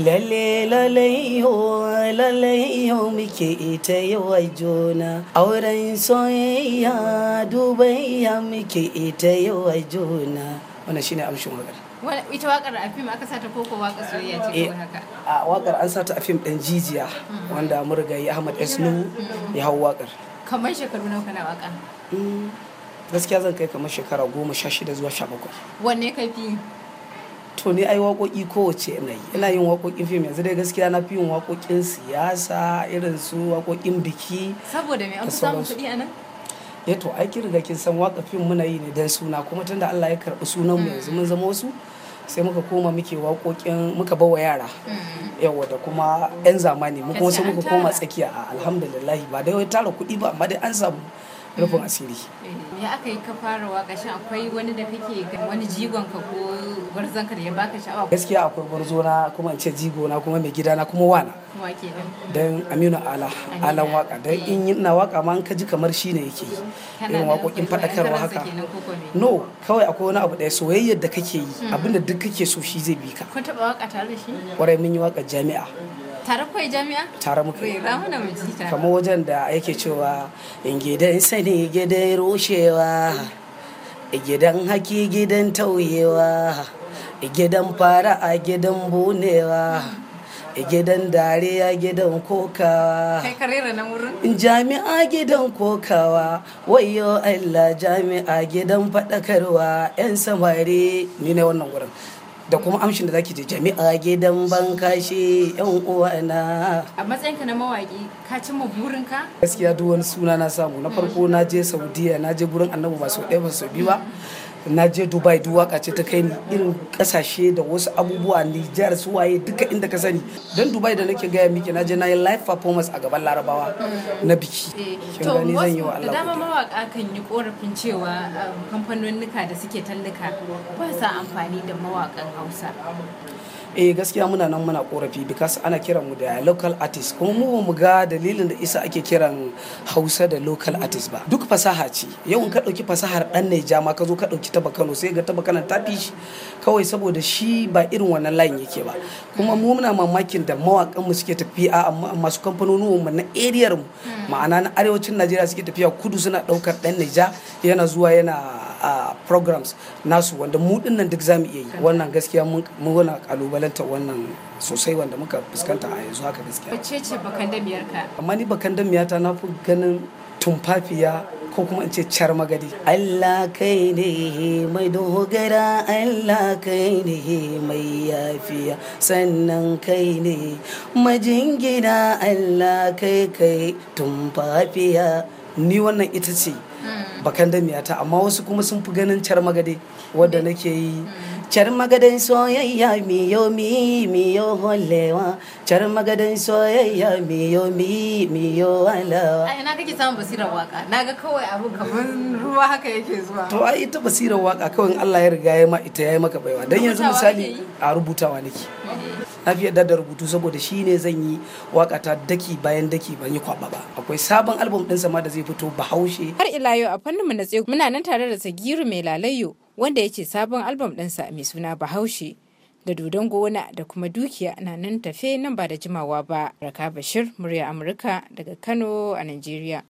Lalle lalle yo lalle yo muke ita yawa juna auren soyayya dubayya muke ita yawa juna wannan shine amshin wakar ita wakar a fim aka sata koko wakar soyayya ce ko eh, haka a wakar an sata a fim dan jijiya hmm. wanda yi Ahmad Esnu hmm. ya hau wakar kamar shekaru nawa kana waka hmm, gaskiya zan kai kamar shekara goma sha shida zuwa sha bakwai wanne ka fi to ni ai wakoki kowace yanayi ina yin waƙoƙin fim yanzu dai gaskiya na fi yin waƙoƙin siyasa irin su waƙoƙin biki saboda me an samu kuɗi a nan ya eh to ai kin riga kin san waƙa fim muna yi ne dan suna kuma tunda Allah ya karɓi sunan mu mm. yanzu mun zama wasu sai muka koma muke waƙoƙin muka bawa yara mm. yawa da kuma 'yan zamani mu kuma sai muka koma tsakiya alhamdulillah ba dai wai tara kuɗi ba amma dai an samu rufin mm. asiri eh. ya aka yi ka fara waka shi akwai wani da kake wani jigon ka ko gwarzon ka da ya baka sha'awa gaskiya akwai gwarzo na kuma ce jigo na kuma mai gida na kuma wana dan Aminu Ala alan waka dan in ina waka ma an ka ji kamar shine yake irin wakokin fadakarwa haka no kawai akwai wani abu daya soyayyar da kake yi mm. abinda duk kake so shi zai bi ka kun taba waka tare da shi kwarai mun yi waka jami'a tare kawai jami'a tare muka yi ramuna na miji tare kamar wajen da yake cewa in gidan sani gidan rushewa gidan haki gidan tauyewa gidan fara a gidan bunewa gidan dariya gidan kokawa kai karera wurin jami'a gidan kokawa wayo Allah jami'a gidan fadakarwa yan samari ni ne wannan wurin da kuma amshin da zaki je jami'a gidan banka shi yan na a matsayin na mawaki ka cimma burin ka gaskiya duk wani suna na samu na farko na je saudiya na je gurin annabi ba sau ɗaya ba sau biyu ba na je dubai duk waka ce ta kai ni irin kasashe da wasu abubuwa nijar suwaye suwaye duka inda ka sani don dubai da nake gaya miki na je na yi live performance a gaban larabawa na biki eh, to wasu da dama mawaka kan yi korafin cewa um, kamfanonika da suke tallaka ba sa amfani da mawakan hausa eh gaskiya muna nan muna korafi because ana kiran mu da local artist kuma mu mu ga dalilin da isa ake kiran hausa da local artist ba duk fasaha ce yau in ka dauki fasahar dan ne ma ka zo ka dauki shi taba Kano sai ga taba Kano ta shi kawai saboda shi ba irin wannan layin yake ba kuma mu muna mamakin da mawakan mu suke tafiya amma masu kamfanonin mu na area mu hmm. ma'ana na arewacin Najeriya suke tafiya kudu suna daukar dan nija yana zuwa yana a programs nasu wanda mu dinnan duk zamu iya yi wannan gaskiya mun muna kalubalanta wannan sosai wanda muka fuskanta a yanzu haka gaskiya. bace ce bakan ka. Amma ni bakan damiyata na fi ganin tumfafiya ko kuma in ce car magadi Allah kai ne mai dogara Allah kai ne mai yafiya sannan kai ne majingina Allah kai kai tumfafiya ni wannan ita ce hmm. bakan da miyata amma wasu kuma sun fi ganin car gadi wadda nake yi hmm. Carmagadan soyayya miyo mi miyo hollewa Carmagadan soyayya miyo mi miyo alawa Ai na kake samun basirar waka naga kawai abu kamar ruwa haka yake zuwa To ai ita basirar waka kawai Allah ya riga ya ma ita yayi maka baiwa dan yanzu misali a rubutawa nake na fi yadda da rubutu saboda shi ne zan yi waka ta daki bayan daki ban yi kwaba ba akwai sabon album ɗinsa ma da zai fito bahaushe har ila yau a fannin mu na muna nan tare da sagiru mai lalayo wanda ya sabon albam ɗinsa mai suna bahaushe da dodon gona da kuma dukiya na nan tafe nan ba da jimawa ba raka bashir murya amurka daga kano a nigeria